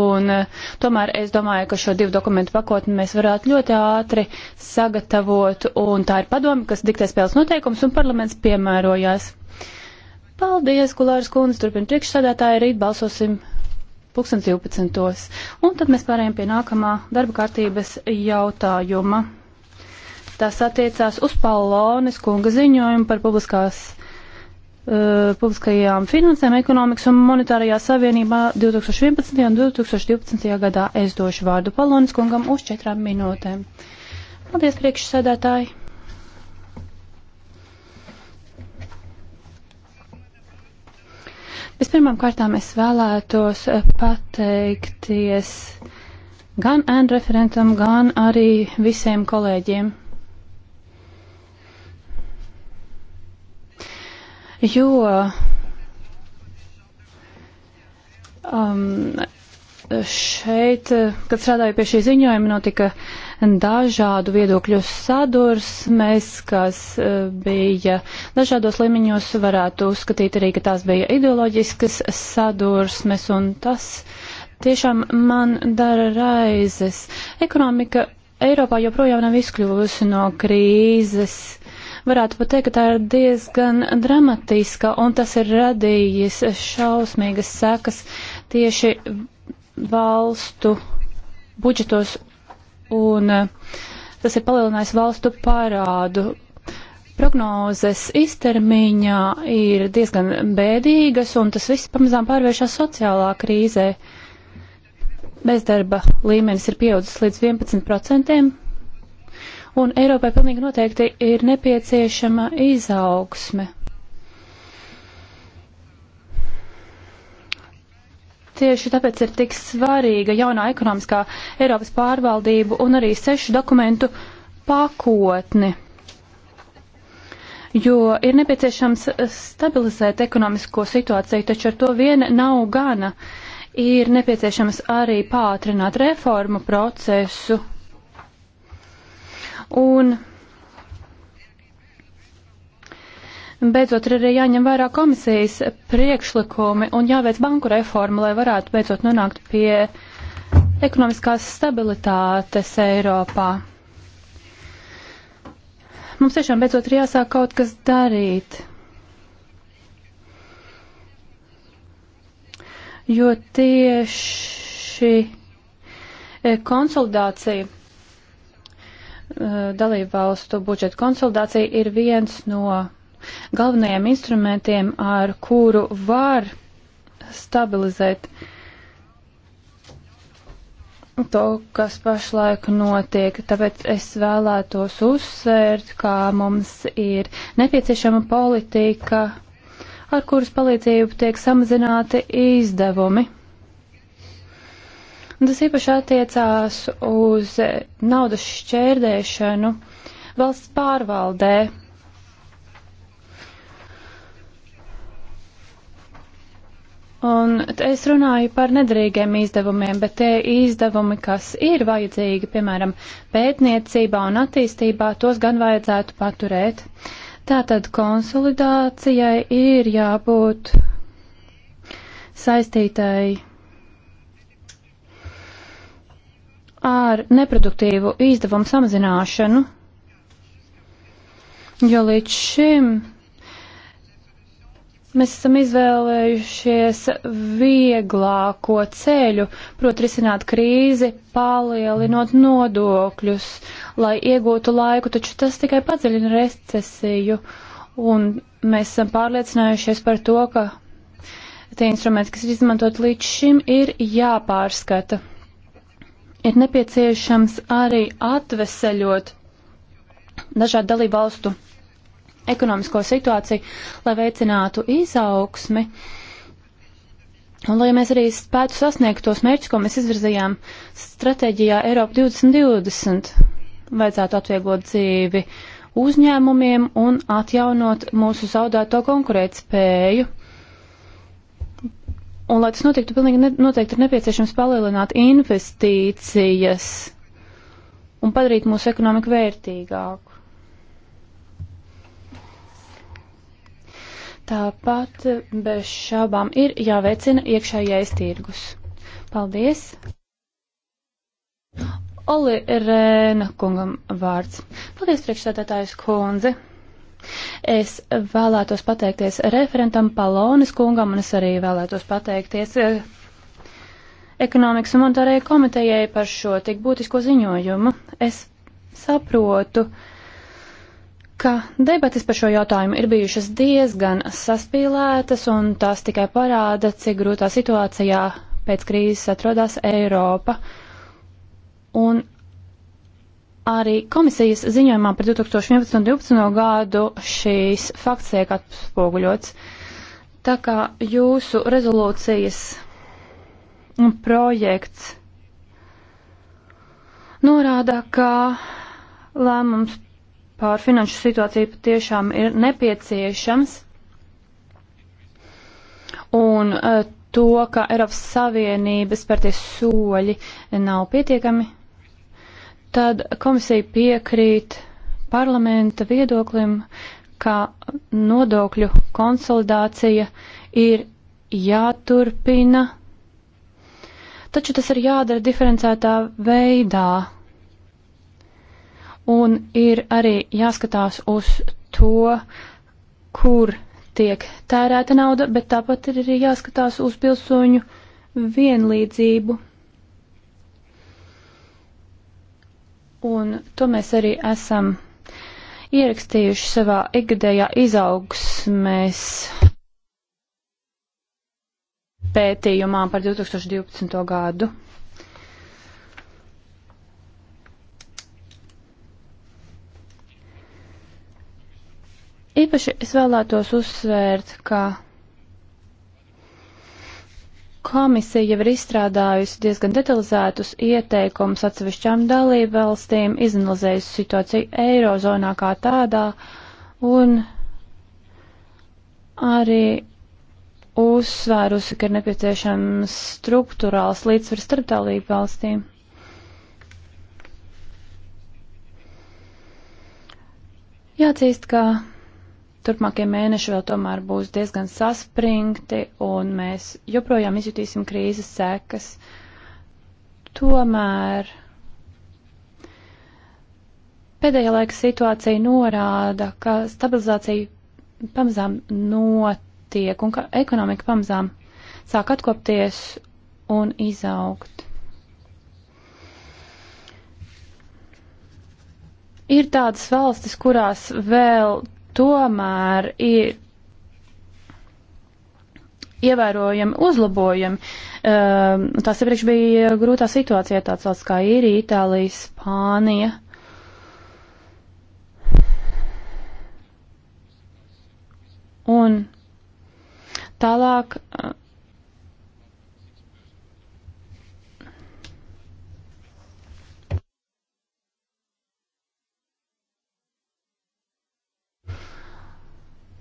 Un, eh, tomēr es domāju, ka šo divu dokumentu pakotni mēs varētu ļoti ātri sagatavot, un tā ir padoma, kas diktē spēles noteikums, un parlaments piemērojās. Paldies, Kulāras kundze, turpina priekšsādātāji, rīt balsosim 2012. Un tad mēs pārējām pie nākamā darba kārtības jautājuma. Tas attiecās uz Paulonis kunga ziņojumu par publiskās Uh, publiskajām finansēm ekonomikas un monetārajā savienībā 2011. un 2012. gadā. Es došu vārdu Palonis kungam uz četrām minūtēm. Paldies, priekšsēdētāji! Vispirmām kārtām es vēlētos pateikties gan ēnu referentam, gan arī visiem kolēģiem jo um, šeit, kad strādāju pie šī ziņojuma, notika dažādu viedokļu sadursmes, kas uh, bija dažādos līmeņos, varētu uzskatīt arī, ka tās bija ideoloģiskas sadursmes, un tas tiešām man dara raizes. Ekonomika Eiropā joprojām nav izkļuvusi no krīzes varētu pat teikt, ka tā ir diezgan dramatiska, un tas ir radījis šausmīgas sekas tieši valstu budžetos, un eh, tas ir palielinājis valstu parādu. Prognozes iztermiņā ir diezgan bēdīgas, un tas viss pamazām pārvēršas sociālā krīzē. Bezdarba līmenis ir pieaudzis līdz 11%, un Eiropai pilnīgi noteikti ir nepieciešama izaugsme. Tieši tāpēc ir tik svarīga jaunā ekonomiskā Eiropas pārvaldība un arī sešu dokumentu pakotne, jo ir nepieciešams stabilizēt ekonomisko situāciju, taču ar to vien nav gana. Ir nepieciešams arī pātrināt reformu procesu Un Beidzot, ir arī jāņem vērā komisijas priekšlikumi un jāveic banku reforma, lai varētu beidzot nonākt pie ekonomiskās stabilitātes Eiropā. Mums tiešām beidzot ir jāsāk kaut kas darīt. Jo tieši konsolidācija Eh, dalību valstu budžeta konsolidācija ir viens no galvenajiem instrumentiem, ar kuru var stabilizēt to, kas pašlaik notiek. Tāpēc es vēlētos uzsvērt, kā mums ir nepieciešama politika, ar kuras palīdzību tiek samazināti izdevumi. Un tas īpaši attiecās uz naudas šķērdēšanu valsts pārvaldē. Un es runāju par nedarīgiem izdevumiem, bet tie izdevumi, kas ir vajadzīgi, piemēram, pētniecībā un attīstībā, tos gan vajadzētu paturēt. Tātad konsolidācijai ir jābūt saistītai ar neproduktīvu izdevumu samazināšanu, jo līdz šim mēs esam izvēlējušies vieglāko ceļu, proti risināt krīzi, palielinot nodokļus, lai iegūtu laiku, taču tas tikai padziļina recesiju, un mēs esam pārliecinājušies par to, ka tie instrumenti, kas ir izmantot līdz šim, ir jāpārskata ir nepieciešams arī atveseļot dažādu dalībvalstu ekonomisko situāciju, lai veicinātu izaugsmi. Un lai mēs arī spētu sasniegt tos mērķus, ko mēs izvirzījām stratēģijā Eiropa 2020, vajadzētu atvieglot dzīvi uzņēmumiem un atjaunot mūsu zaudēto konkurētspēju. Un, lai tas notiktu, pilnīgi ne, noteikti ir nepieciešams palielināt investīcijas un padarīt mūsu ekonomiku vērtīgāku. Tāpat bez šābām ir jāveicina iekšējais tirgus. Paldies! Oli Rēna kungam vārds. Paldies, priekšsēdētājs kundze! Es vēlētos pateikties referentam Palonis kungam, un es arī vēlētos pateikties eh, ekonomikas un monetārajai komitejai par šo tik būtisko ziņojumu. Es saprotu, ka debatas par šo jautājumu ir bijušas diezgan saspīlētas, un tās tikai parāda, cik grūtā situācijā pēc krīzes atrodas Eiropa. Un Arī komisijas ziņojumā par 2011. un 2012. gadu šīs fakts tiek atspoguļots. Tā kā jūsu rezolūcijas projekts norāda, ka lēmums pār finanšu situāciju patiešām ir nepieciešams un eh, to, ka Eiropas Savienības spērties soļi nav pietiekami tad komisija piekrīt parlamenta viedoklim, ka nodokļu konsolidācija ir jāturpina, taču tas ir jādara diferencētā veidā. Un ir arī jāskatās uz to, kur tiek tērēta nauda, bet tāpat ir arī jāskatās uz pilsoņu vienlīdzību Un to mēs arī esam ierakstījuši savā ikgadējā izaugsmēs pētījumā par 2012. gadu. Īpaši es vēlētos uzsvērt, ka Komisija jau ir izstrādājusi diezgan detalizētus ieteikumus atsevišķām dalību valstīm, izanalizējusi situāciju Eirozonā kā tādā un arī uzsvērusi, ka ir nepieciešams struktūrāls līdzsvars starp dalību valstīm. Jāatzīst, ka turpmākie mēneši vēl tomēr būs diezgan saspringti, un mēs joprojām izjutīsim krīzes sekas. Tomēr pēdējā laika situācija norāda, ka stabilizācija pamazām notiek, un ka ekonomika pamazām sāk atkopties un izaugt. Ir tādas valstis, kurās vēl tomēr ir ievērojami uzlabojami. Um, tās iepriekš bija grūtā situācija, tāds valsts kā īrija, Itālija, Spānija. Un tālāk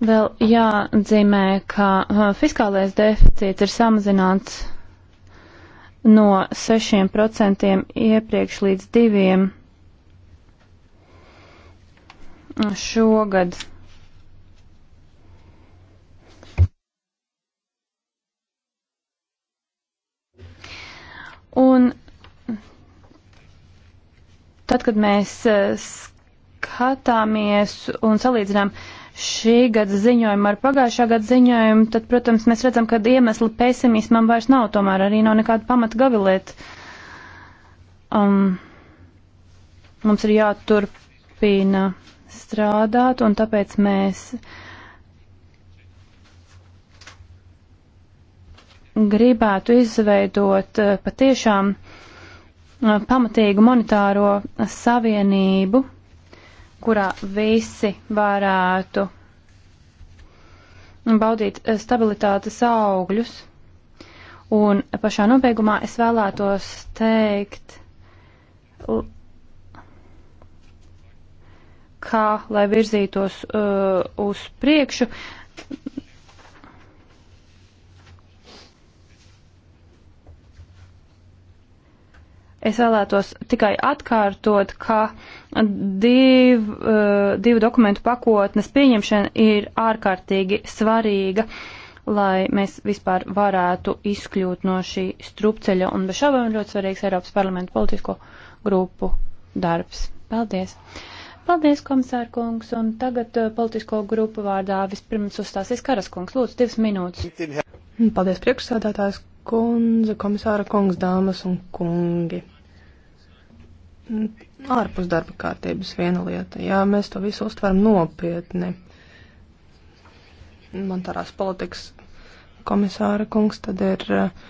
Vēl jāatzīmē, ka uh, fiskālais deficīts ir samazināts no 6% iepriekš līdz 2% šogad. Un tad, kad mēs uh, skatāmies un salīdzinām uh, šī gada ziņojumu ar pagājušā gada ziņojumu, tad, protams, mēs redzam, ka iemesli pesimismam vairs nav, tomēr arī nav nekāda pamata gavilēt. Um, mums ir jāturpina strādāt, un tāpēc mēs gribētu izveidot uh, patiešām uh, pamatīgu monetāro savienību kurā visi varētu baudīt eh, stabilitātes augļus. Un pašā nobeigumā es vēlētos teikt, kā lai virzītos uh, uz priekšu, Es vēlētos tikai atkārtot, ka div, eh, divu dokumentu pakotnes pieņemšana ir ārkārtīgi svarīga, lai mēs vispār varētu izkļūt no šī strupceļa. Un bez šaubām ļoti svarīgs Eiropas parlamentu politisko grupu darbs. Paldies! Paldies, komisār kungs, un tagad eh, politisko grupu vārdā vispirms uzstāsies Karas kungs. Lūdzu, divas minūtes. Paldies, priekšsādātājs kundze, komisāra kungs, dāmas un kungi ārpus darba kārtības viena lieta. Jā, mēs to visu uztveram nopietni. Monetārās politikas komisāra kungs tad ir uh,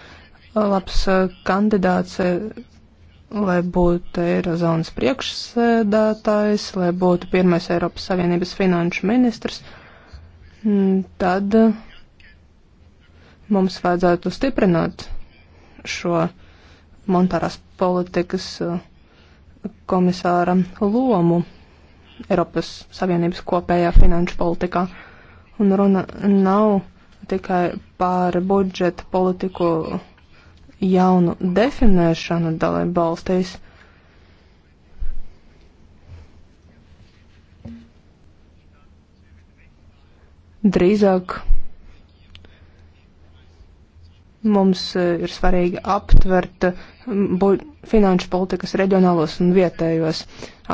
labs uh, kandidāts, uh, lai būtu Eirozonas priekšsēdētājs, lai būtu pirmais Eiropas Savienības finanšu ministrs. Mm, tad mums vajadzētu stiprināt šo monetārās politikas uh, komisāra lomu Eiropas Savienības kopējā finanšu politikā. Un runa nav tikai par budžeta politiku jaunu definēšanu dalību valstīs. Drīzāk Mums e, ir svarīgi aptvert finanšu politikas reģionālos un vietējos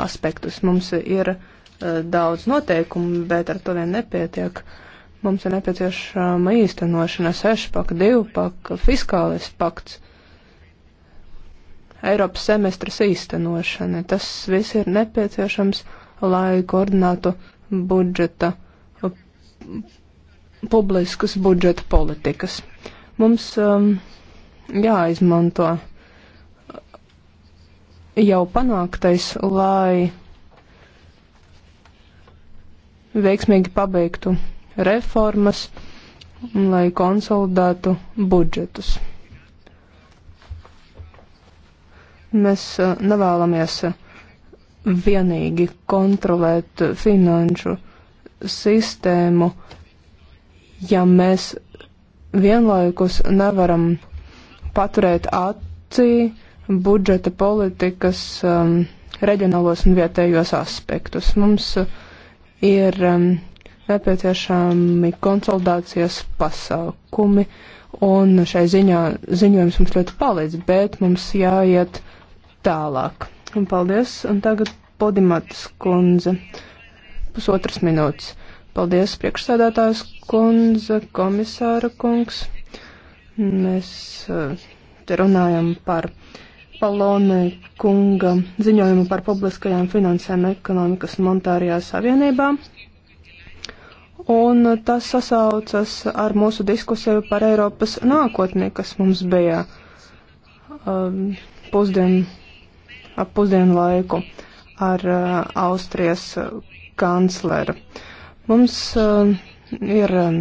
aspektus. Mums ir e, daudz noteikumu, bet ar to vien nepietiek. Mums ir nepieciešama īstenošana sešpaka, divpaka, fiskālais pakts, Eiropas semestras īstenošana. Tas viss ir nepieciešams, lai koordinātu budžeta, publiskas budžeta politikas. Uh, Mums um, jāizmanto jau panāktais, lai veiksmīgi pabeigtu reformas un lai konsolidētu budžetus. Mēs uh, nevēlamies uh, vienīgi kontrolēt finanšu sistēmu, ja mēs vienlaikus nevaram paturēt acī budžeta politikas um, reģionālos un vietējos aspektus. Mums ir um, nepieciešami konsolidācijas pasākumi, un šai ziņā ziņojums mums ļoti palīdz, bet mums jāiet tālāk. Un paldies, un tagad Podimatas kundze, pusotras minūtes. Paldies, priekšsēdētājs kundze, komisāra kungs. Mēs eh, te runājam par Palone kunga ziņojumu par publiskajām finansēm ekonomikas monetārajā savienībā. Un tas sasaucas ar mūsu diskusiju par Eiropas nākotni, kas mums bija um, pusdien, ap pusdienu laiku ar uh, Austrijas kancleru. Uh, Mums uh, ir um,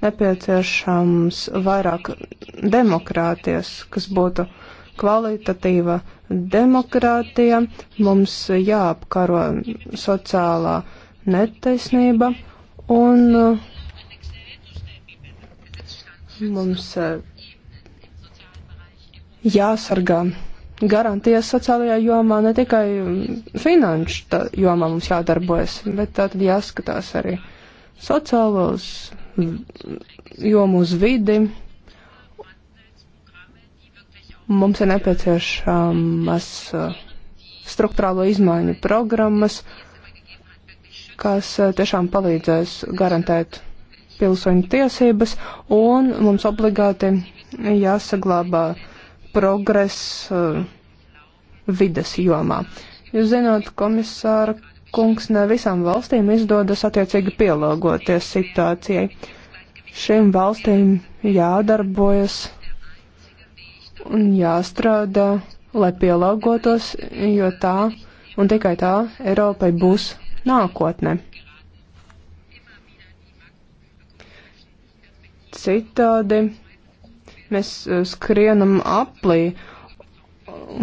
nepieciešams vairāk demokrātijas, kas būtu kvalitatīva demokrātija. Mums jāapkaro sociālā netaisnība un uh, mums uh, jāsargā garantijas sociālajā jomā, ne tikai finanšu jomā mums jādarbojas, bet tā tad jāskatās arī sociālos jomu uz vidi. Mums ir nepieciešamas uh, struktūrālo izmaiņu programmas, kas uh, tiešām palīdzēs garantēt pilsoņu tiesības, un mums obligāti jāsaglabā uh, progress eh, vides jomā. Jūs zināt, komisāra kungs ne visām valstīm izdodas attiecīgi pielāgoties situācijai. Šīm valstīm jādarbojas un jāstrādā, lai pielāgotos, jo tā un tikai tā Eiropai būs nākotne. Citādi Mēs uh, skrienam aplī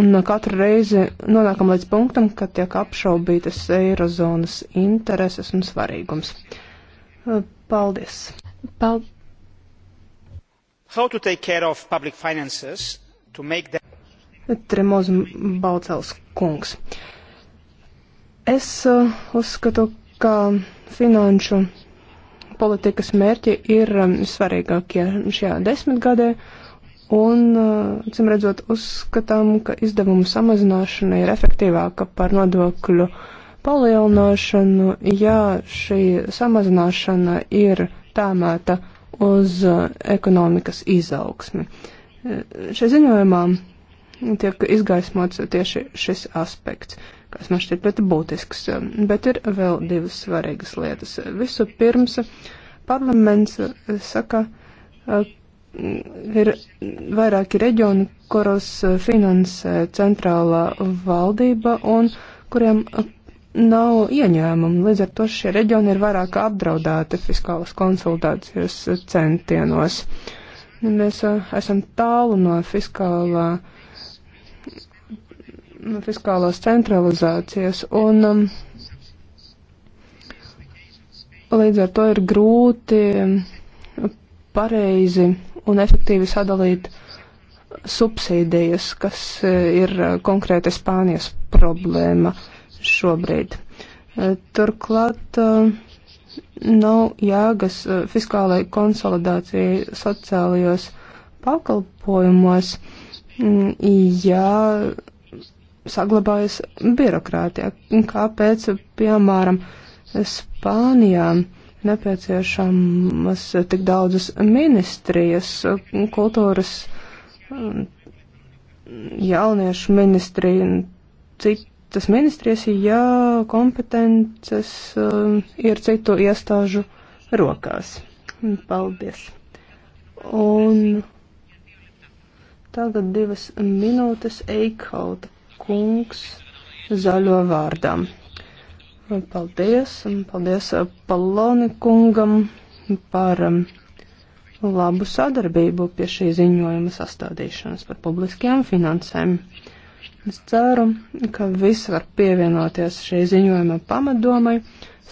un katru reizi nonākam līdz punktam, kad tiek apšaubītas eirozonas intereses un svarīgums. Uh, paldies! Pal How to take care of public finances to make them... Tremoz Baucels kungs. Es uh, uzskatu, ka finanšu politikas mērķi ir um, svarīgākie šajā desmitgadē, un, uh, cim redzot, uzskatām, ka izdevumu samazināšana ir efektīvāka par nodokļu palielināšanu, ja šī samazināšana ir tēmēta uz uh, ekonomikas izaugsmi. Uh, šajā ziņojumā tiek izgaismots tieši šis aspekts kas man šķiet ļoti būtisks. Bet ir vēl divas svarīgas lietas. Visu pirms parlaments eh, saka, eh, ir vairāki reģioni, kuros finansē centrālā valdība un kuriem nav ieņēmumu. Līdz ar to šie reģioni ir vairāk apdraudēti fiskālas konsultācijas centienos. Mēs eh, esam tālu no fiskālā uh, fiskālās centralizācijas, un um, līdz ar to ir grūti pareizi un efektīvi sadalīt subsīdijas, kas eh, ir eh, konkrēti Spānijas problēma šobrīd. Eh, turklāt nav jēgas fiskālai konsolidācijai sociālajos pakalpojumos, mm, ja saglabājas birokrātijā. Kāpēc, piemēram, Spānijā nepieciešamas tik daudzas ministrijas, kultūras um, jauniešu ministrija un citas ministrijas, ja kompetences um, ir citu iestāžu rokās? Paldies! Un tagad divas minūtes eikauta kungs zaļo vārdām. Paldies, un paldies Paloni kungam par um, labu sadarbību pie šī ziņojuma sastādīšanas par publiskajām finansēm. Es ceru, ka viss var pievienoties šī ziņojuma pamadomai.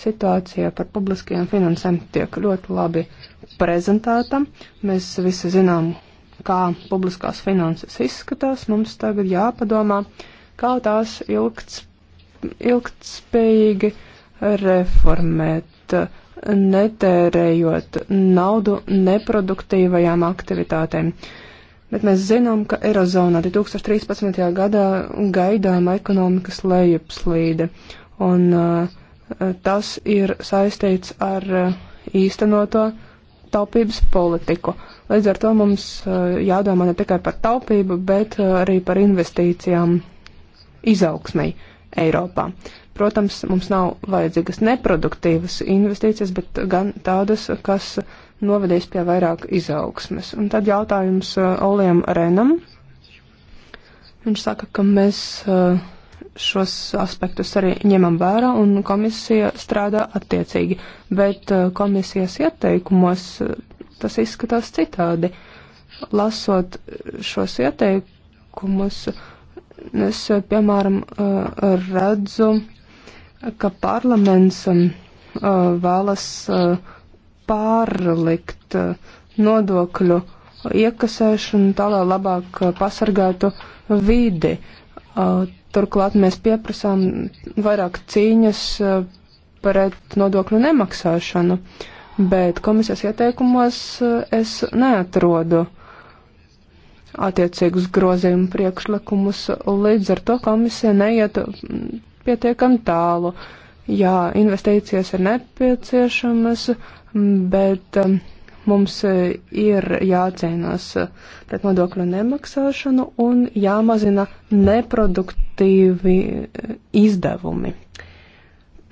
Situācija par publiskajām finansēm tiek ļoti labi prezentēta. Mēs visi zinām, kā publiskās finanses izskatās. Mums tagad jāpadomā, uh, kā tās ilgts, ilgtspējīgi reformēt, netērējot naudu neproduktīvajām aktivitātēm. Bet mēs zinām, ka Eirozonā 2013. gadā gaidām ekonomikas lejupslīde, un uh, tas ir saistīts ar uh, īstenoto taupības politiku. Līdz ar to mums uh, jādomā ne tikai par taupību, bet uh, arī par investīcijām izaugsmai Eiropā. Protams, mums nav vajadzīgas neproduktīvas investīcijas, bet gan tādas, kas novedīs pie vairāk izaugsmes. Un tad jautājums uh, Olijam Renam. Viņš saka, ka mēs uh, šos aspektus arī ņemam vērā un komisija strādā attiecīgi, bet uh, komisijas ieteikumos tas izskatās citādi. Lasot šos ieteikumus, uh, Es, eh, piemēram, eh, redzu, ka parlaments eh, vēlas pārlikt nodokļu iekasēšanu tā, lai labāk pasargātu vidi. Turklāt mēs pieprasām vairāk cīņas pret nodokļu nemaksāšanu, bet komisijas ieteikumos es neatrodu uh, attiecīgus grozījumu priekšlikumus. Līdz ar to komisija neiet mm, pietiekam tālu. Jā, investīcijas ir nepieciešamas, mm, bet mm, mums ir jācīnās pret nodokļu nemaksāšanu un jāmazina neproduktīvi eh, izdevumi.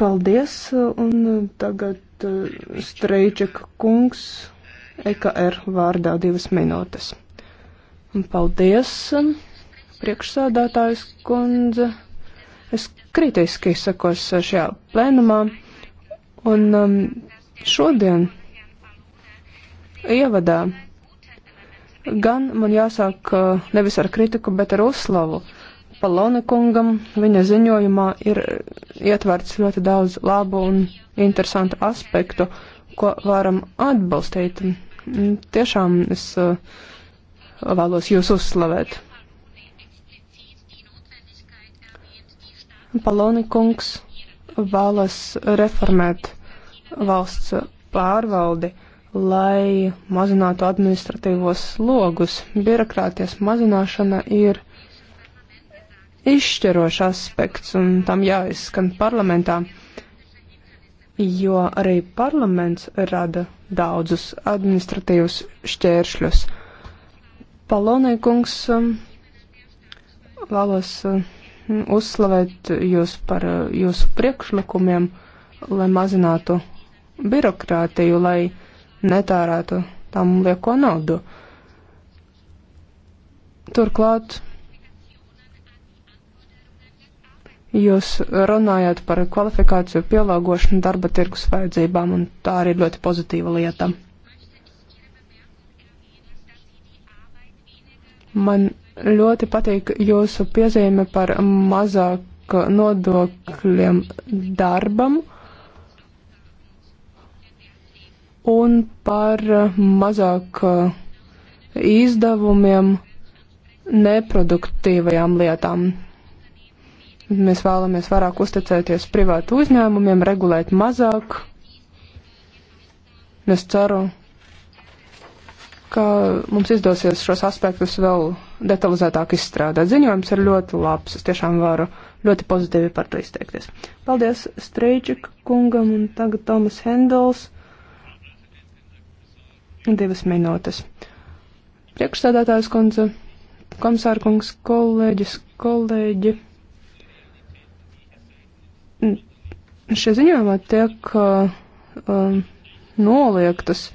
Paldies, un tagad eh, Streičeka kungs EKR vārdā divas minūtes. Paldies, um, priekšsādātājs kundze. Es kritiski sakos uh, šajā plēnumā. Un um, šodien ievadā gan man jāsāk uh, nevis ar kritiku, bet ar uzslavu. Palone kungam viņa ziņojumā ir ietverts ļoti daudz labu un interesantu aspektu, ko varam atbalstīt. Tiešām es uh, vēlos jūs uzslavēt. Paloni kungs vēlas reformēt valsts pārvaldi, lai mazinātu administratīvos slogus. Birokrātijas mazināšana ir izšķirošs aspekts, un tam jāizskan parlamentā, jo arī parlaments rada daudzus administratīvus šķēršļus. Palonai kungs, um, vēlos um, uzslavēt jūs par uh, jūsu priekšlikumiem, lai mazinātu birokrātiju, lai netērētu tam lieko naudu. Turklāt Jūs runājāt par kvalifikāciju pielāgošanu darba tirgus vajadzībām, un tā arī ļoti pozitīva lieta. Man ļoti patīk jūsu piezīme par mazāk nodokļiem darbam un par mazāk izdevumiem neproduktīvajām lietām. Mēs vēlamies vairāk uzticēties privātu uzņēmumiem, regulēt mazāk. Es ceru, ka mums izdosies šos aspektus vēl detalizētāk izstrādāt. Ziņojums ir ļoti labs, es tiešām varu ļoti pozitīvi par to izteikties. Paldies Streičik kungam un tagad Tomas Hendels. Divas minūtes. Priekšstādātājs kundze, komisārkungs, kolēģis, kolēģi. Šie ziņojumā tiek uh, um, noliektas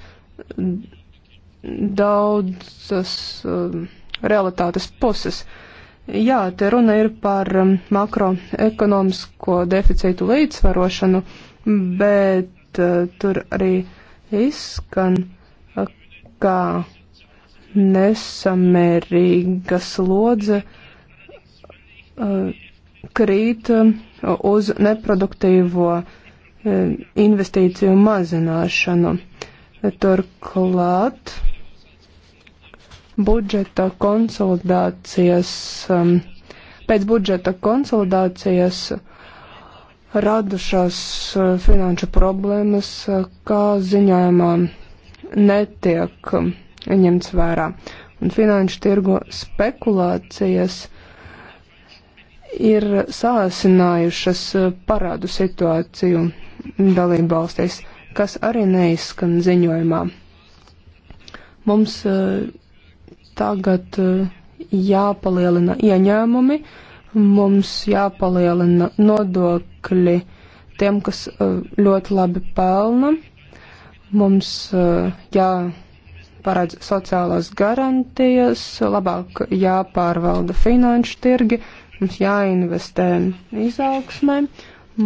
daudzas um, realitātes puses. Jā, te runa ir par um, makroekonomisko deficītu līdzsvarošanu, bet uh, tur arī izskan, uh, ka nesamērīga slodze uh, krīt um, uz neproduktīvo uh, investīciju mazināšanu. Uh, Turklāt budžeta konsolidācijas, um, pēc budžeta konsolidācijas radušās uh, finanšu problēmas, uh, kā ziņojumā netiek um, ņemts vērā. Un finanšu tirgo spekulācijas ir sāsinājušas uh, parādu situāciju dalību valstīs. Uh, kas arī neizskan ziņojumā. Mums eh, tagad eh, jāpalielina ieņēmumi, mums jāpalielina nodokļi tiem, kas eh, ļoti labi pelna, mums jāparādz sociālās garantijas, labāk jāpārvalda finanšu tirgi, mums jāinvestē izaugsmē,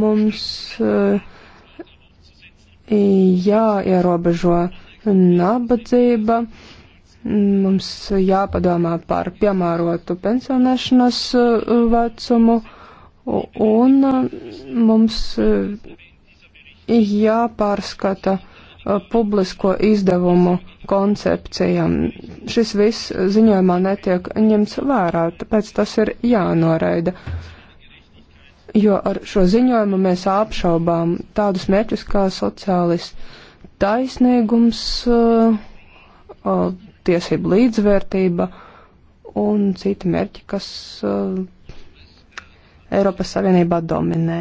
mums uh, jāierobežo nabadzība, mums jāpadomā par piemērotu pensionēšanas uh, vecumu un uh, mums uh, jāpārskata publisko izdevumu koncepcijam. Šis viss ziņojumā netiek ņemts vērā, tāpēc tas ir jānoraida. Uh, jo ar šo ziņojumu mēs apšaubām tādus mērķus kā sociālis taisnīgums, uh, uh, tiesību līdzvērtība un citi mērķi, kas uh, Eiropas Savienībā dominē.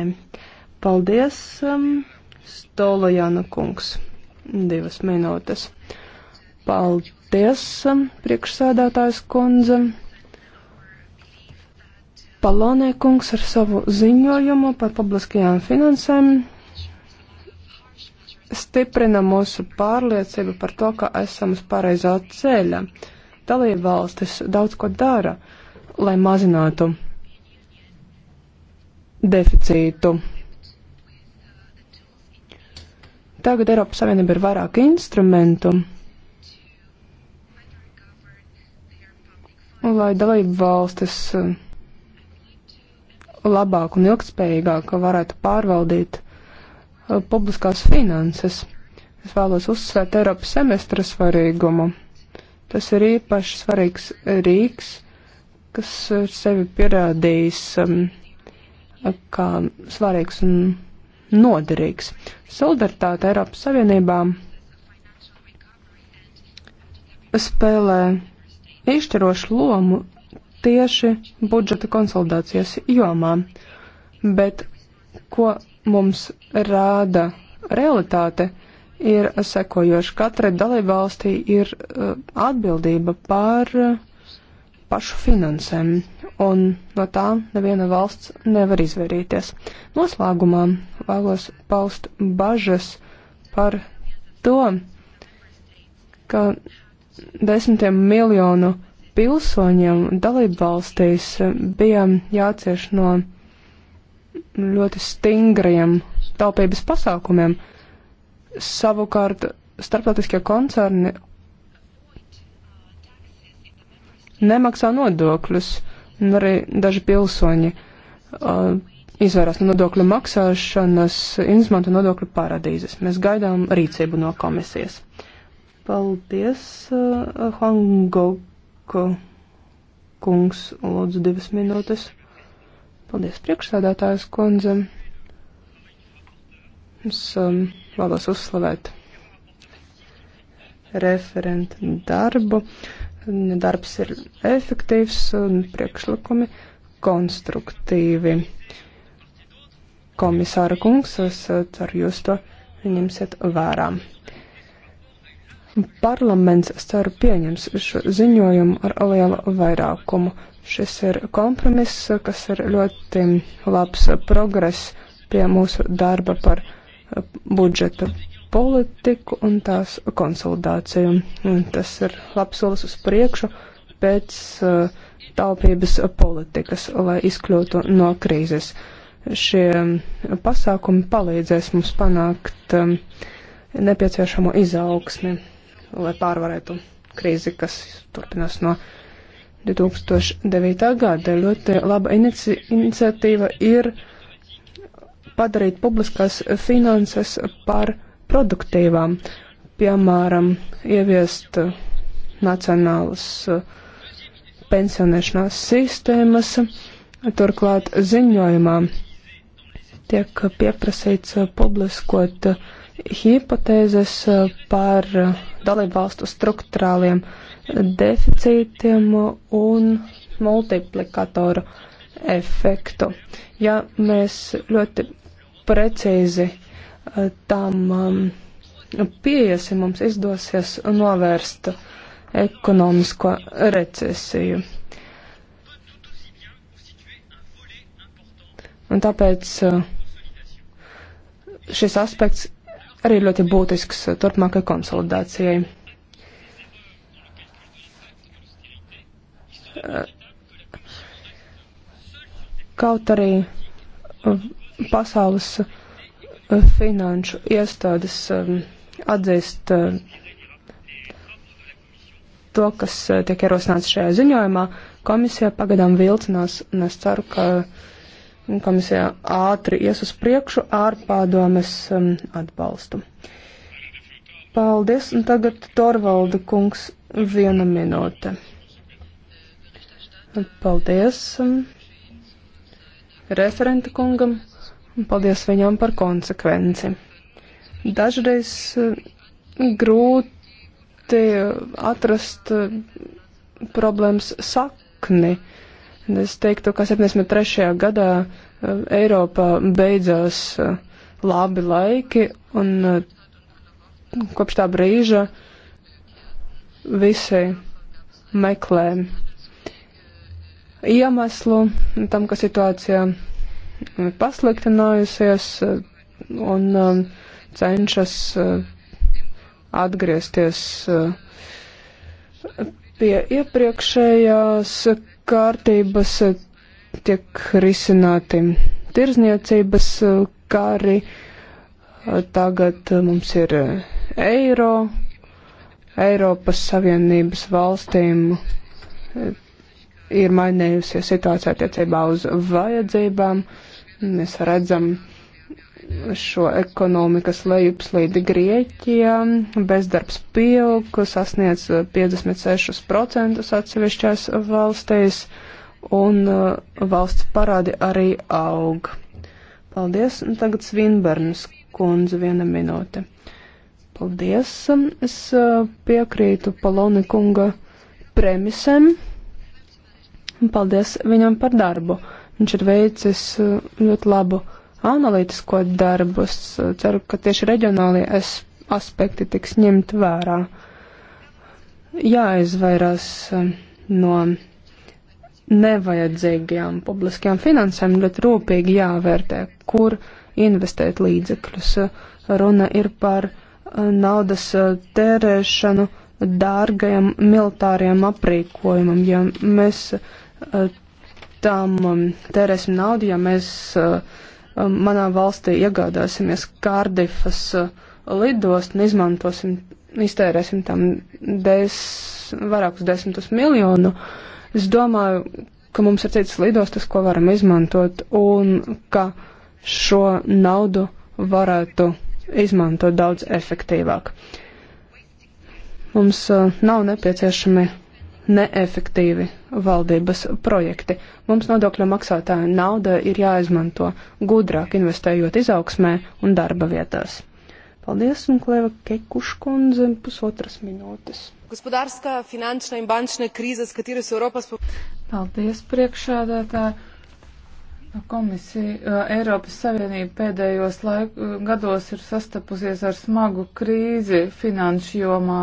Paldies, um, Stolojana kungs. Divas minūtes. Paldies, um, priekšsēdētājs kundze. Palonē kungs ar savu ziņojumu par publiskajām finansēm stiprina mūsu pārliecību par to, ka esam uz pareizā ceļa. Dalībvalstis daudz ko dara, lai mazinātu deficītu. Tagad Eiropas Savienība ir vairāk instrumentu, lai dalībvalstis valstis labāk un ilgspējīgāk varētu pārvaldīt uh, publiskās finanses. Es vēlos uzsvērt Eiropas semestra svarīgumu. Tas ir īpaši svarīgs rīks, kas ir sevi pierādījis um, kā svarīgs un noderīgs. Solidaritāte Eiropas Savienībā spēlē izšķirošu lomu tieši budžeta konsolidācijas jomā, bet ko mums rāda realitāte, ir sekojoši. Katrai dalībvalstī ir uh, atbildība par uh, pašu finansēm, un no tā neviena valsts nevar izvairīties. Noslēgumā vēlos paust bažas par to, ka desmitiem miljonu uh, pilsoņiem dalībvalstīs eh, bija jācieš no ļoti stingriem taupības pasākumiem. Savukārt starptautiskie koncerni nemaksā nodokļus, un arī daži pilsoņi uh, izvairās no nodokļu maksāšanas, izmanto nodokļu paradīzes. Mēs gaidām rīcību no komisijas. Paldies, uh, eh, Hongok Kazaka kungs, lūdzu, divas minūtes. Paldies priekšsādātājas kundzem. Es um, vēlos uzslavēt referentu darbu. Darbs ir efektīvs un priekšlikumi konstruktīvi. Komisāra kungs, es uh, ceru, jūs to ņemsiet vērā. Parlaments, es ceru, pieņems šo ziņojumu ar lielu vairākumu. Šis ir kompromiss, kas ir ļoti labs progress pie mūsu darba par eh, budžeta politiku un tās konsolidāciju. Un tas ir labs solis uz priekšu pēc uh, taupības politikas, lai izkļūtu no krīzes. Šie pasākumi palīdzēs mums panākt um, nepieciešamo izaugsmi lai pārvarētu krīzi, kas turpinās no 2009. gada. Ļoti laba inici iniciatīva ir padarīt publiskās finanses par produktīvām, piemēram, ieviest nacionālas pensionēšanās sistēmas. Turklāt ziņojumā tiek pieprasīts publiskot hipotēzes par uh, dalībvalstu struktūrāliem deficītiem un multiplikatoru efektu. Ja mēs ļoti precīzi eh, tam eh, pieiesim, mums izdosies novērst ekonomisko recesiju. Un tāpēc eh, šis aspekts arī ļoti būtisks turpmākai konsolidācijai. Kaut arī pasaules finanšu iestādes um, atzīst um, to, kas uh, tiek ierosināts šajā ziņojumā, komisija pagadām vilcinās, un es ceru, ka uh, komisija ātri ies uz priekšu ar pārdomas um, atbalstu. Paldies, un tagad Torvalda kungs viena minūte. Paldies um, referenta kungam, un paldies viņam par konsekvenci. Dažreiz uh, grūti uh, atrast uh, problēmas sakni. Uh, Es teiktu, ka 73. gadā eh, Eiropā beidzās eh, labi laiki, un eh, kopš tā brīža visi meklē iemeslu tam, ka situācija pasliktinājusies un cenšas atgriezties pie iepriekšējās kārtības eh, tiek risināti tirzniecības eh, kari. Eh, tagad mums ir eiro, Eiropas Savienības valstīm ir mainījusies situācija attiecībā uz vajadzībām. Mēs redzam, šo ekonomikas lejupslīdi Grieķijā. Bezdarbs pieauga, sasniedz 56% uh, atsevišķās valstīs, un uh, valsts parādi arī aug. Paldies, un tagad Svinbarnas kundze viena minūte. Paldies, es uh, piekrītu Paloni kunga premisēm. Paldies viņam par darbu. Viņš ir veicis ļoti labu darbu analītisko darbus. Ceru, ka tieši reģionālie aspekti tiks ņemt vērā. Jāizvairās um, no nevajadzīgajām publiskajām finansēm, ļoti rūpīgi jāvērtē, kur investēt līdzekļus. Runa ir par uh, naudas uh, tērēšanu dārgajam militāriem aprīkojumam. Ja mēs uh, tam um, tērēsim naudu, ja mēs uh, Um, manā valstī iegādāsimies Kārdifas uh, lidostu un izmantosim, iztērēsim tam des, vairākus desmitus miljonu, es domāju, ka mums ir citas lidostas, ko varam izmantot un ka šo naudu varētu izmantot daudz efektīvāk. Mums uh, nav nepieciešami neefektīvi valdības projekti. Mums nodokļu maksātāja nauda ir jāizmanto gudrāk, investējot izaugsmē un darba vietās. Paldies, un Kleva Kekuškundze, pusotras minūtes. Gospodārskā, finanšā un bančā krīze, s katero se Eiropas. Paldies, priekšādātāji. Komisija, Eiropas Savienība pēdējos laik, gados ir sastapusies ar smagu krīzi finanšu jomā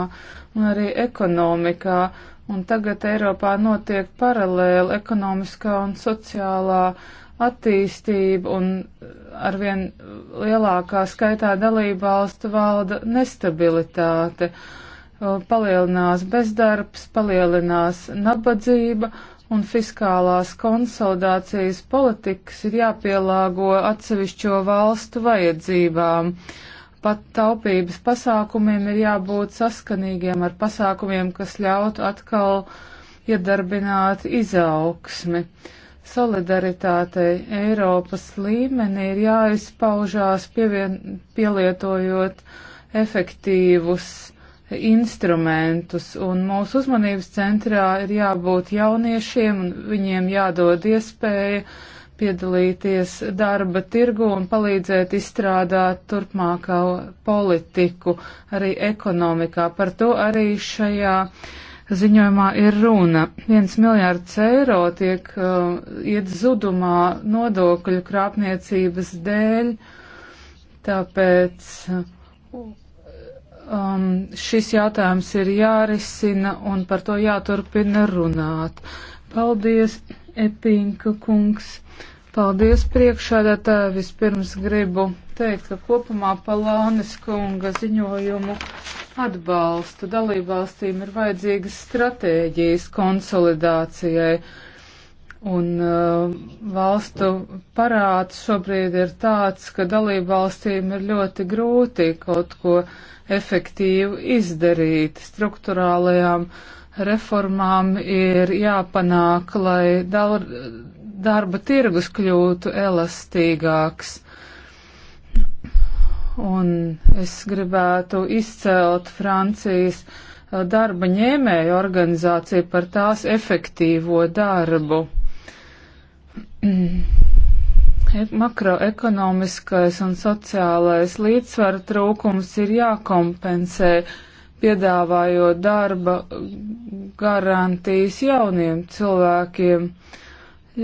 un arī ekonomikā, un tagad Eiropā notiek paralēli ekonomiskā un sociālā attīstība, un arvien lielākā skaitā dalībvalstu valda nestabilitāte. Palielinās bezdarbs, palielinās nabadzība, un fiskālās konsolidācijas politikas ir jāpielāgo atsevišķo valstu vajadzībām. Uh, Pat taupības pasākumiem ir jābūt saskanīgiem ar pasākumiem, kas ļautu atkal iedarbināt izaugsmi. Solidaritātei Eiropas līmenī ir jāizpaužās pievien, pielietojot efektīvus instrumentus, un mūsu uzmanības centrā ir jābūt jauniešiem, un viņiem jādod iespēja uh, piedalīties darba tirgu un palīdzēt izstrādāt turpmākā politiku arī ekonomikā. Par to arī šajā ziņojumā ir runa. Viens miljārds eiro tiek uh, iet zudumā nodokļu krāpniecības dēļ, tāpēc um, šis jautājums ir jārisina un par to jāturpina runāt. Paldies, Epinka kungs! Paldies priekšādātāji. Vispirms gribu teikt, ka kopumā Palānis kunga ziņojumu atbalstu dalībvalstīm ir vajadzīgas stratēģijas konsolidācijai. Un uh, valstu parāds šobrīd ir tāds, ka dalībvalstīm ir ļoti grūti kaut ko efektīvi izdarīt. Struktūrālajām reformām ir jāpanāk, lai dal darba tirgus kļūtu elastīgāks. Un es gribētu izcelt Francijas eh, darba ņēmēju organizāciju par tās efektīvo darbu. E-, makroekonomiskais un sociālais līdzsvara trūkums ir jākompensē piedāvājot darba garantijas jauniem cilvēkiem. Uh,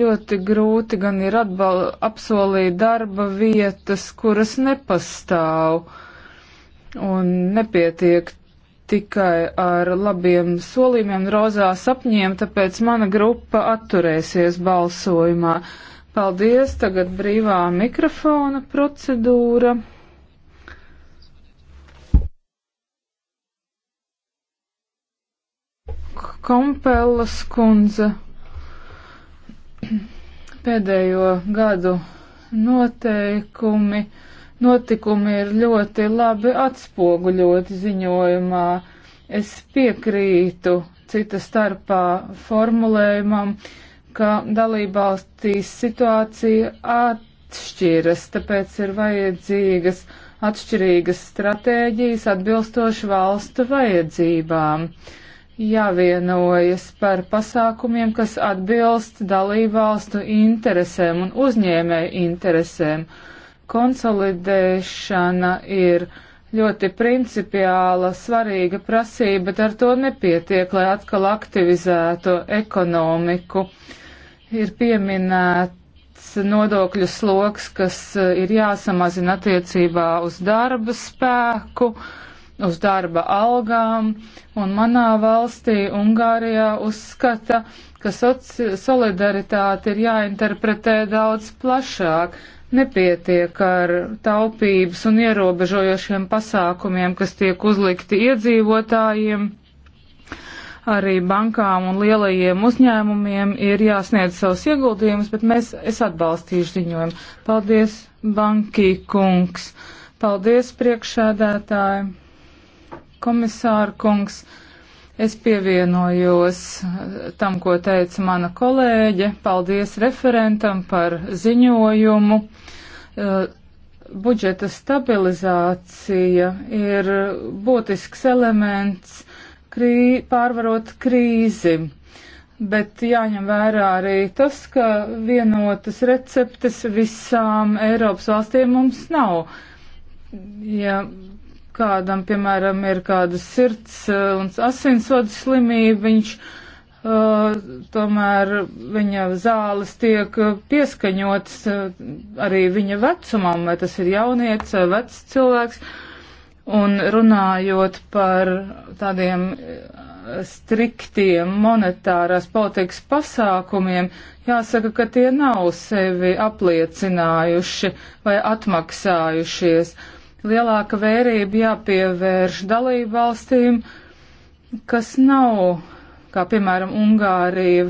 Ļoti grūti gan ir atbal, apsolīt darba vietas, kuras nepastāv, un nepietiek tikai ar labiem solījumiem, rozā sapņiem, tāpēc mana grupa atturēsies balsojumā. Paldies, tagad brīvā mikrofona procedūra. Kompelas kundze. Pēdējo gadu noteikumi, notikumi ir ļoti labi atspoguļoti ziņojumā. Es piekrītu cita starpā formulējumam, ka dalībvalstīs situācija atšķiras, tāpēc ir vajadzīgas atšķirīgas stratēģijas atbilstoši valstu vajadzībām. Uh, jāvienojas par pasākumiem, kas atbilst dalībvalstu interesēm un uzņēmēju interesēm. Konsolidēšana ir ļoti principiāla, svarīga prasība, bet ar to nepietiek, lai atkal aktivizētu ekonomiku. Ir pieminēts nodokļu sloks, kas ir jāsamazina attiecībā uz darba spēku. Uh, uz darba algām, un manā valstī, Ungārijā, uzskata, ka solidaritāte ir jāinterpretē daudz plašāk. Nepietiek ar taupības un ierobežojošiem pasākumiem, kas tiek uzlikti iedzīvotājiem. Arī bankām un lielajiem uzņēmumiem ir jāsniedz savus ieguldījumus, bet mēs, es atbalstīšu ziņojumu. Paldies, Banki kungs! Paldies, priekšsēdētāji! komisāra kungs. Es pievienojos eh, tam, ko teica mana kolēģe. Paldies referentam par ziņojumu. Eh, budžeta stabilizācija ir būtisks elements krī, pārvarot krīzi, bet jāņem vērā arī tas, ka vienotas receptes visām Eiropas valstīm mums nav. Ja kādam, piemēram, ir kāda sirds eh, un asinsvadu slimība, viņš uh, tomēr viņa zāles tiek eh, pieskaņotas uh, arī viņa vecumam, vai tas ir jaunietis vai vecs cilvēks. Un runājot par tādiem striktiem monetārās politikas pasākumiem, jāsaka, ka tie nav sevi apliecinājuši vai atmaksājušies. Uh, lielāka vērība jāpievērš dalību valstīm, kas nav, kā piemēram Ungārija,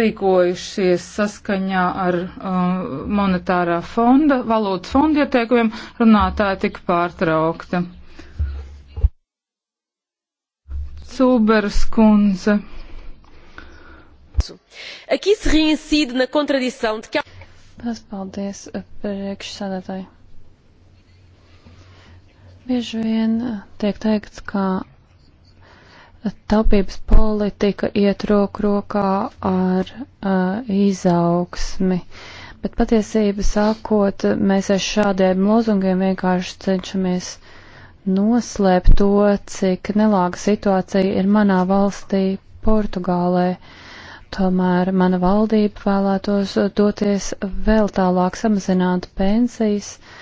rīkojušies saskaņā ar um, monetārā fonda, valūtas fonda ieteikumiem, runātāja tika pārtraukta. Cūberas kundze. Paldies, eh, priekšsādātāji. Bieži vien eh, tiek teikts, ka taupības politika iet roku rokā ar uh, izaugsmi, bet patiesība sākot, mēs ar šādiem lozungiem vienkārši cenšamies noslēpt to, cik nelāga situācija ir manā valstī, Portugālē. Tomēr mana valdība vēlētos doties vēl tālāk samazināt pensijas. Uh,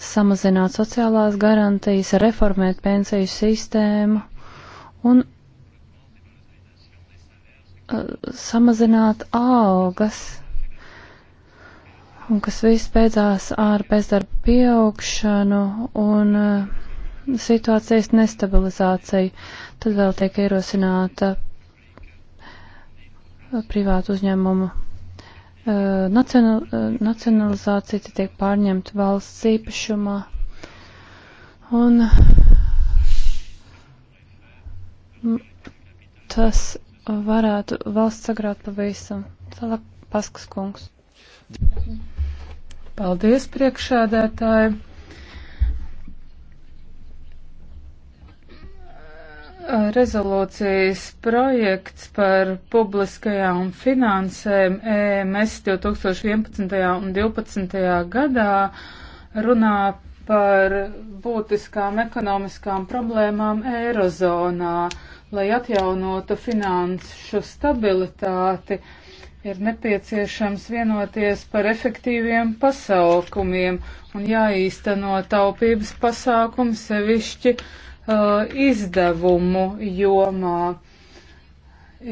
samazināt sociālās garantijas, reformēt pensiju sistēmu un uh, samazināt algas, un kas viss beidzās ar bezdarba pieaugšanu un uh, situācijas nestabilizāciju. Tad vēl tiek ierosināta uh, privātu uzņēmumu Eh, eh, nacionalizācija, tie tiek pārņemti valsts īpašumā. Un tas varētu valsts sagrāt pavisam. Tālāk Paskas kungs. Paldies, priekšādētāji! rezolūcijas projekts par publiskajām finansēm EMS 2011. un 2012. gadā runā par būtiskām ekonomiskām problēmām Eirozonā, lai atjaunotu finanšu stabilitāti. Ir nepieciešams vienoties par efektīviem pasaukumiem un jāīsteno taupības pasākumu sevišķi Uh, izdevumu jomā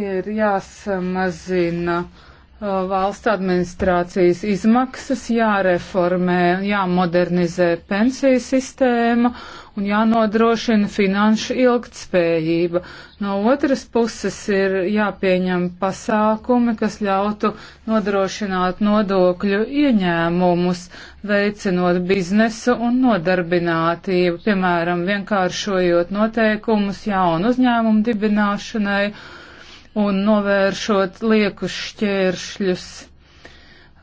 ir jāsamazina uh, valsts administrācijas izmaksas, jāreformē, jāmodernizē pensiju sistēma un jānodrošina finanšu ilgtspējība. No otras puses ir jāpieņem pasākumi, kas ļautu nodrošināt nodokļu ieņēmumus, veicinot biznesu un nodarbinātību, piemēram, vienkāršojot noteikumus jaunu uzņēmumu dibināšanai un novēršot liekus šķēršļus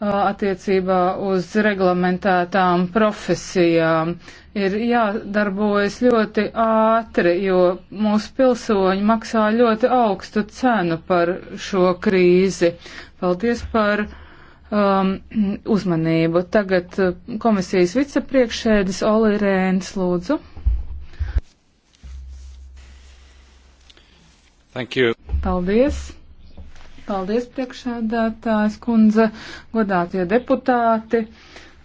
attiecībā uz reglamentētām profesijām. Ir jādarbojas ļoti ātri, jo mūsu pilsoņi maksā ļoti augstu cenu par šo krīzi. Paldies par um, uzmanību. Tagad komisijas vicepriekšēdis Oli Rēns lūdzu. Thank you. Paldies! Paldies, priekšēdētājs kundze, godātie deputāti!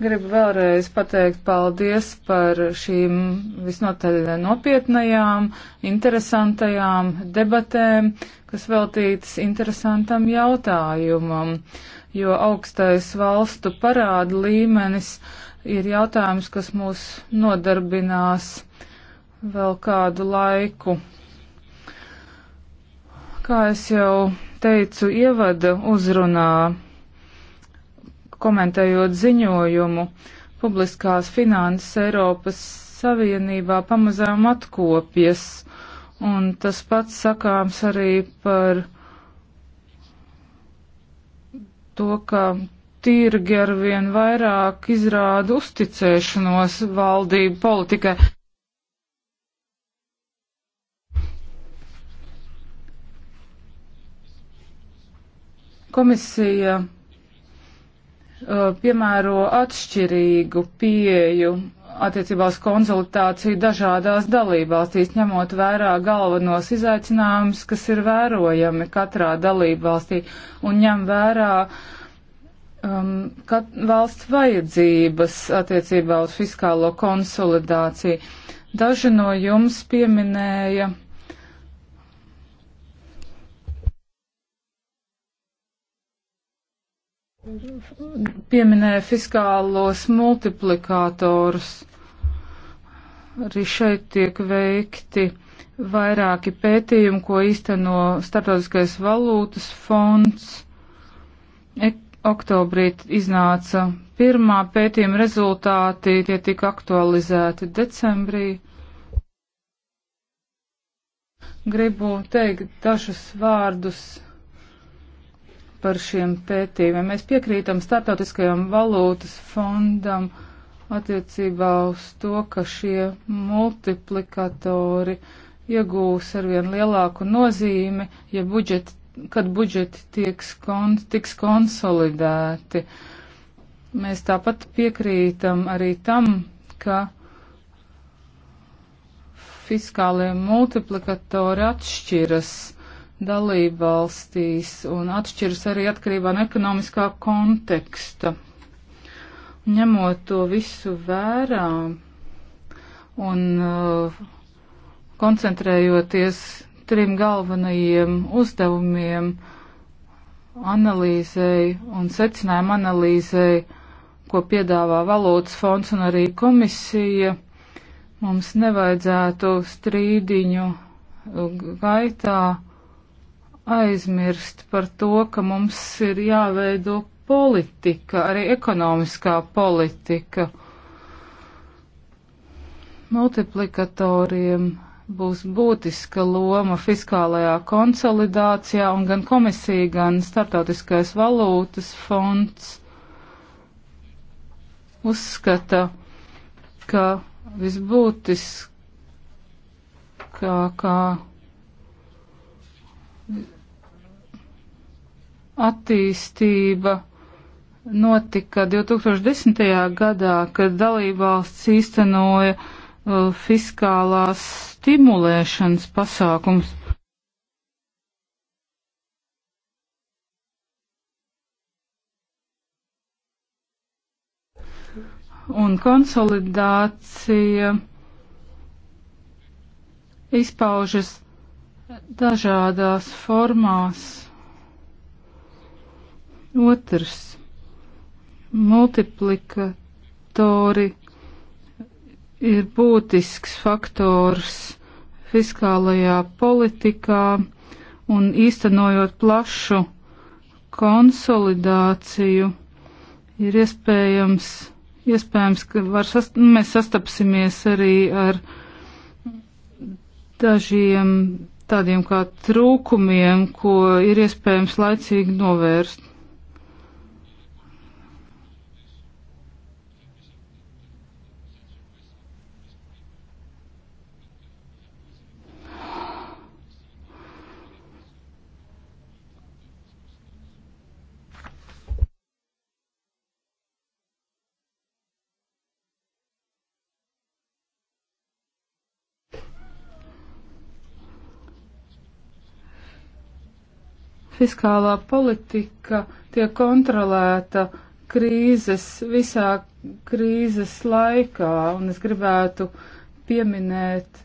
Gribu vēlreiz pateikt paldies par šīm visnotaļ nopietnajām, interesantajām debatēm, kas veltītas interesantam jautājumam, jo augstais valstu parāda līmenis ir jautājums, kas mūs nodarbinās vēl kādu laiku. Kā es jau teicu ievada uzrunā, komentējot ziņojumu, publiskās finanses Eiropas Savienībā pamazām atkopjas, un tas pats sakāms arī par to, ka tirgi arvien vairāk izrāda uzticēšanos valdību politikai. Komisija uh, piemēro atšķirīgu pieju attiecībā uz konsultāciju dažādās dalībvalstīs, ņemot vērā galvenos izaicinājumus, kas ir vērojami katrā dalībvalstī, un ņem vērā um, kat, valsts vajadzības attiecībā uz fiskālo konsolidāciju. Daži no jums pieminēja pieminēja fiskālos multiplikatorus. Arī šeit tiek veikti vairāki pētījumi, ko īsteno Startautiskais valūtas fonds. E oktobrī iznāca pirmā pētījuma rezultāti, tie tika aktualizēti decembrī. Gribu teikt dažus vārdus par šiem pētījumiem. Mēs piekrītam Startautiskajam valūtas fondam attiecībā uz to, ka šie multiplikatori iegūs arvien lielāku nozīmi, ja budžeti, kad budžeti tieks kon, tiks konsolidēti. Mēs tāpat piekrītam arī tam, ka fiskālie multiplikatori atšķiras dalību valstīs un atšķiras arī atkarībā no ekonomiskā konteksta. Ņemot to visu vērā un uh, koncentrējoties trim galvenajiem uzdevumiem, analīzei un secinājumu analīzei, ko piedāvā valūtas fonds un arī komisija, mums nevajadzētu strīdiņu gaitā aizmirst par to, ka mums ir jāveido politika, arī ekonomiskā politika. Multiplikatoriem būs būtiska loma fiskālajā konsolidācijā un gan komisija, gan Startautiskais valūtas fonds uzskata, ka visbūtiskākā attīstība notika 2010. gadā, kad dalībvalsts īstenoja uh, fiskālās stimulēšanas pasākums. Un konsolidācija izpaužas dažādās formās. Otrs - multiplikatori ir būtisks faktors fiskālajā politikā un īstenojot plašu konsolidāciju ir iespējams, iespējams ka var sast, mēs sastapsimies arī ar dažiem tādiem kā trūkumiem, ko ir iespējams laicīgi novērst. fiskālā politika tiek kontrolēta krīzes, visā krīzes laikā, un es gribētu pieminēt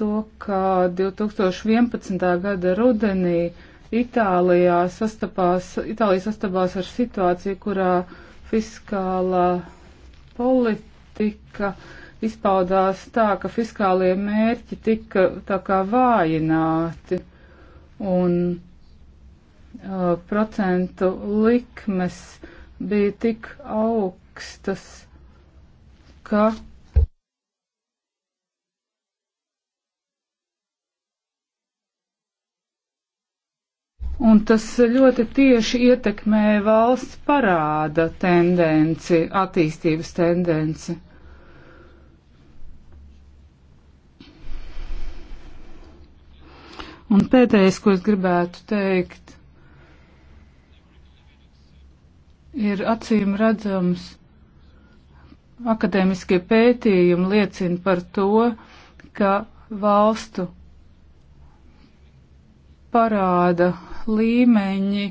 to, ka 2011. gada rudenī Itālijā sastapās, Itālija sastapās ar situāciju, kurā fiskālā politika izpaudās tā, ka fiskālie mērķi tika tā kā vājināti. Un procentu likmes bija tik augstas, ka Un tas ļoti tieši ietekmē valsts parāda tendenci, attīstības tendenci. Un pēdējais, ko es gribētu teikt, ir acīm redzams. Akadēmiskie pētījumi liecina par to, ka valstu parāda līmeņi,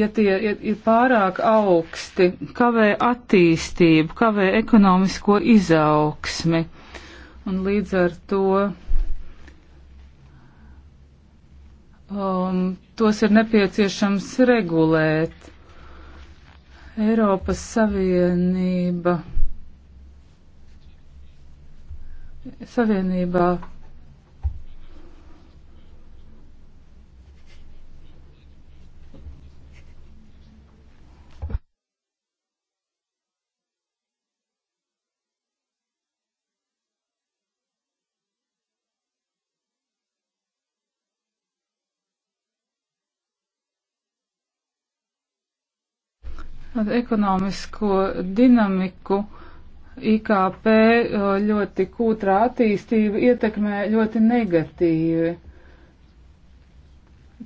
ja tie ir pārāk augsti, kavē attīstību, kavē ekonomisko izaugsmi. Un līdz ar to um, tos ir nepieciešams regulēt. Eiropas Savienība Savienībā ekonomisko dinamiku. IKP uh, ļoti kūtrā attīstība ietekmē ļoti negatīvi.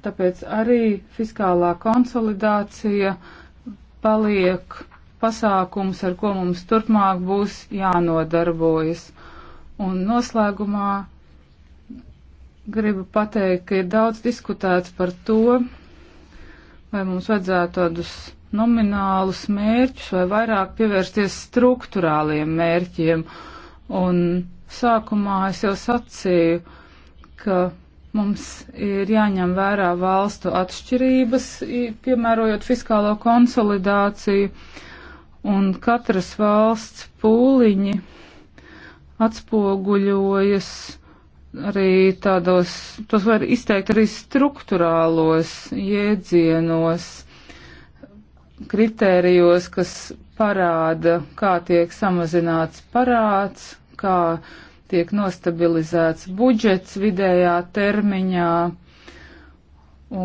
Tāpēc arī fiskālā konsolidācija paliek pasākums, ar ko mums turpmāk būs jānodarbojas. Un noslēgumā gribu pateikt, ka ir daudz diskutēts par to, vai mums vajadzētu tādus nominālus mērķus vai vairāk pievērsties struktūrāliem mērķiem. Un sākumā es jau sacīju, ka mums ir jāņem vērā valstu atšķirības, piemērojot fiskālo konsolidāciju, un katras valsts pūliņi atspoguļojas arī tādos, tos var izteikt arī struktūrālos iedzienos kritērijos, kas parāda, kā tiek samazināts parāds, kā tiek nostabilizēts budžets vidējā termiņā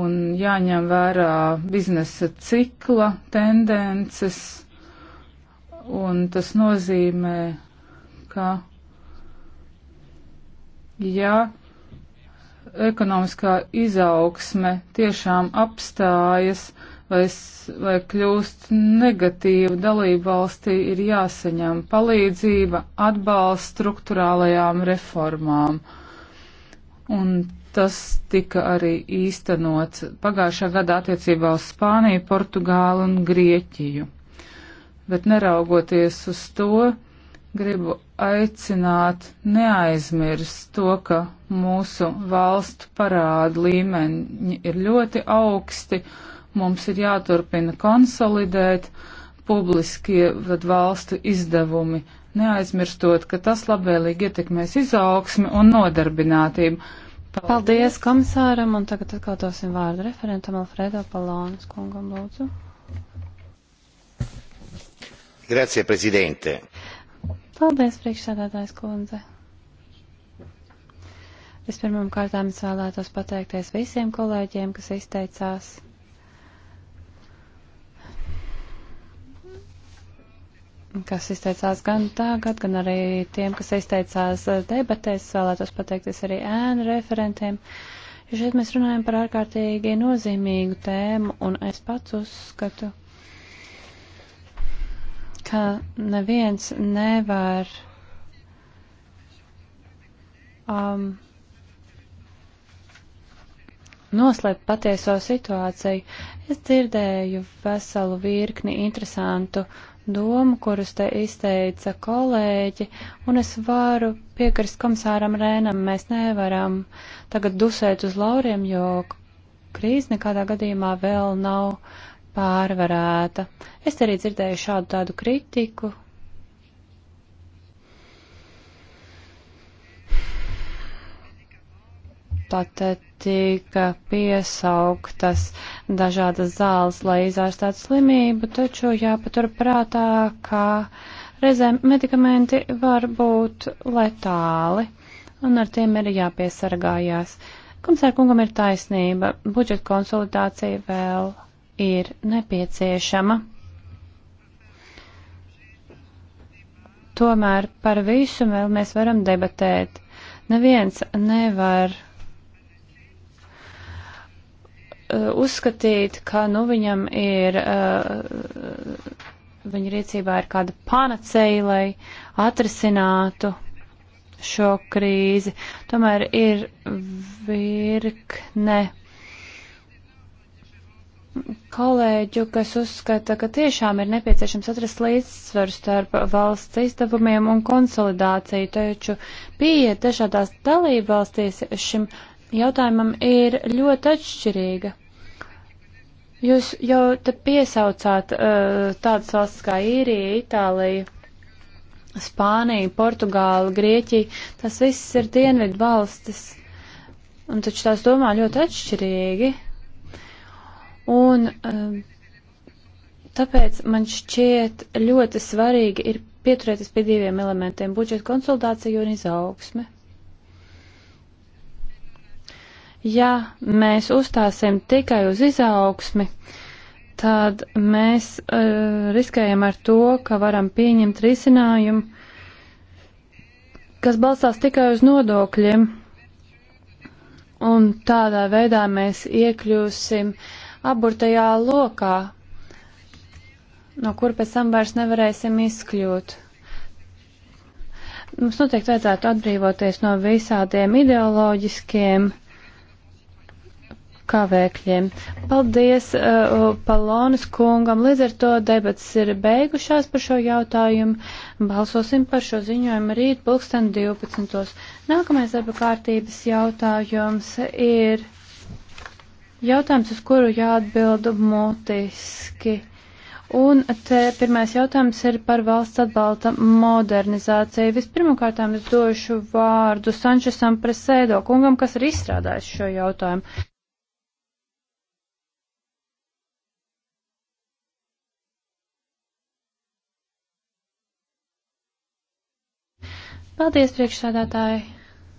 un jāņem vērā biznesa cikla tendences. Un tas nozīmē, ka ja ekonomiskā izaugsme tiešām apstājas, vai, vai kļūst negatīva dalība valstī, ir jāsaņem palīdzība, atbalsts struktūrālajām reformām. Un tas tika arī īstenots pagājušā gada attiecībā uz Spāniju, Portugālu un Grieķiju. Bet neraugoties uz to, gribu aicināt neaizmirst to, ka mūsu valstu parāda līmeņi ir ļoti augsti Mums ir jāturpina konsolidēt publiskie valstu izdevumi, neaizmirstot, ka tas labvēlīgi ietekmēs izaugsmi un nodarbinātību. Paldies, Paldies komisāram, un tagad atkal dosim vārdu referentam Alfredo Palonas kungam, lūdzu. Grazie, prezidente. Paldies, priekšsēdētājs kundze. Vispirmām kārtām es vēlētos pateikties visiem kolēģiem, kas izteicās kas izteicās gan tagad, gan arī tiem, kas izteicās debatēs, vēlētos pateikties arī ēnu referentiem. Jo šeit mēs runājam par ārkārtīgi nozīmīgu tēmu, un es pats uzskatu, ka neviens nevar um, noslēpt patieso situāciju. Es dzirdēju veselu virkni interesantu domu, kurus te izteica kolēģi, un es varu piekrist komisāram Rēnam, mēs nevaram tagad dusēt uz lauriem, jo krīze nekādā gadījumā vēl nav pārvarēta. Es arī dzirdēju šādu tādu kritiku, Tāpat eh, tika piesauktas dažādas zāles, lai izārstātu slimību, taču jāpatur prātā, ka reizēm medikamenti var būt letāli, un ar tiem ir jāpiesargājās. Komisāra kungam ir taisnība, budžeta konsultācija vēl ir nepieciešama. Tomēr par visu vēl mēs varam debatēt. Neviens nevar Uh, uzskatīt, ka nu viņam ir, uh, viņa rīcībā ir kāda panaceja, lai atrisinātu šo krīzi. Tomēr ir virkne kolēģu, kas uzskata, ka tiešām ir nepieciešams atrast līdzsvaru starp valsts izdevumiem un konsolidāciju, taču pieeja dažādās dalībvalstīs šim jautājumam ir ļoti atšķirīga. Jūs jau te piesaucāt uh, tādas valsts kā Īrija, Itālija, Spānija, Portugāla, Grieķija. Tas viss ir dienvidu valstis. Un taču tās domā ļoti atšķirīgi. Un um, tāpēc man šķiet ļoti svarīgi ir pieturēties pie diviem elementiem - budžeta konsultācija un izaugsme. Ja mēs uzstāsim tikai uz izaugsmi, tad mēs uh, riskējam ar to, ka varam pieņemt risinājumu, kas balstās tikai uz nodokļiem, un tādā veidā mēs iekļūsim aburtajā lokā, no kur pēc tam vairs nevarēsim izkļūt. Mums noteikti vajadzētu atbrīvoties no visādiem ideoloģiskiem uh, kavēkļiem. Paldies uh, uh, Palonas kungam. Līdz ar to debats ir beigušās par šo jautājumu. Balsosim par šo ziņojumu rīt pulksten 12. Nākamais darba kārtības jautājums ir jautājums, uz kuru jāatbild mutiski. Un te pirmais jautājums ir par valsts atbalsta modernizāciju. Vispirmkārtām es došu vārdu Sančesam Presēdo kungam, kas ir izstrādājis šo jautājumu. Paldies, priekšsādātāji!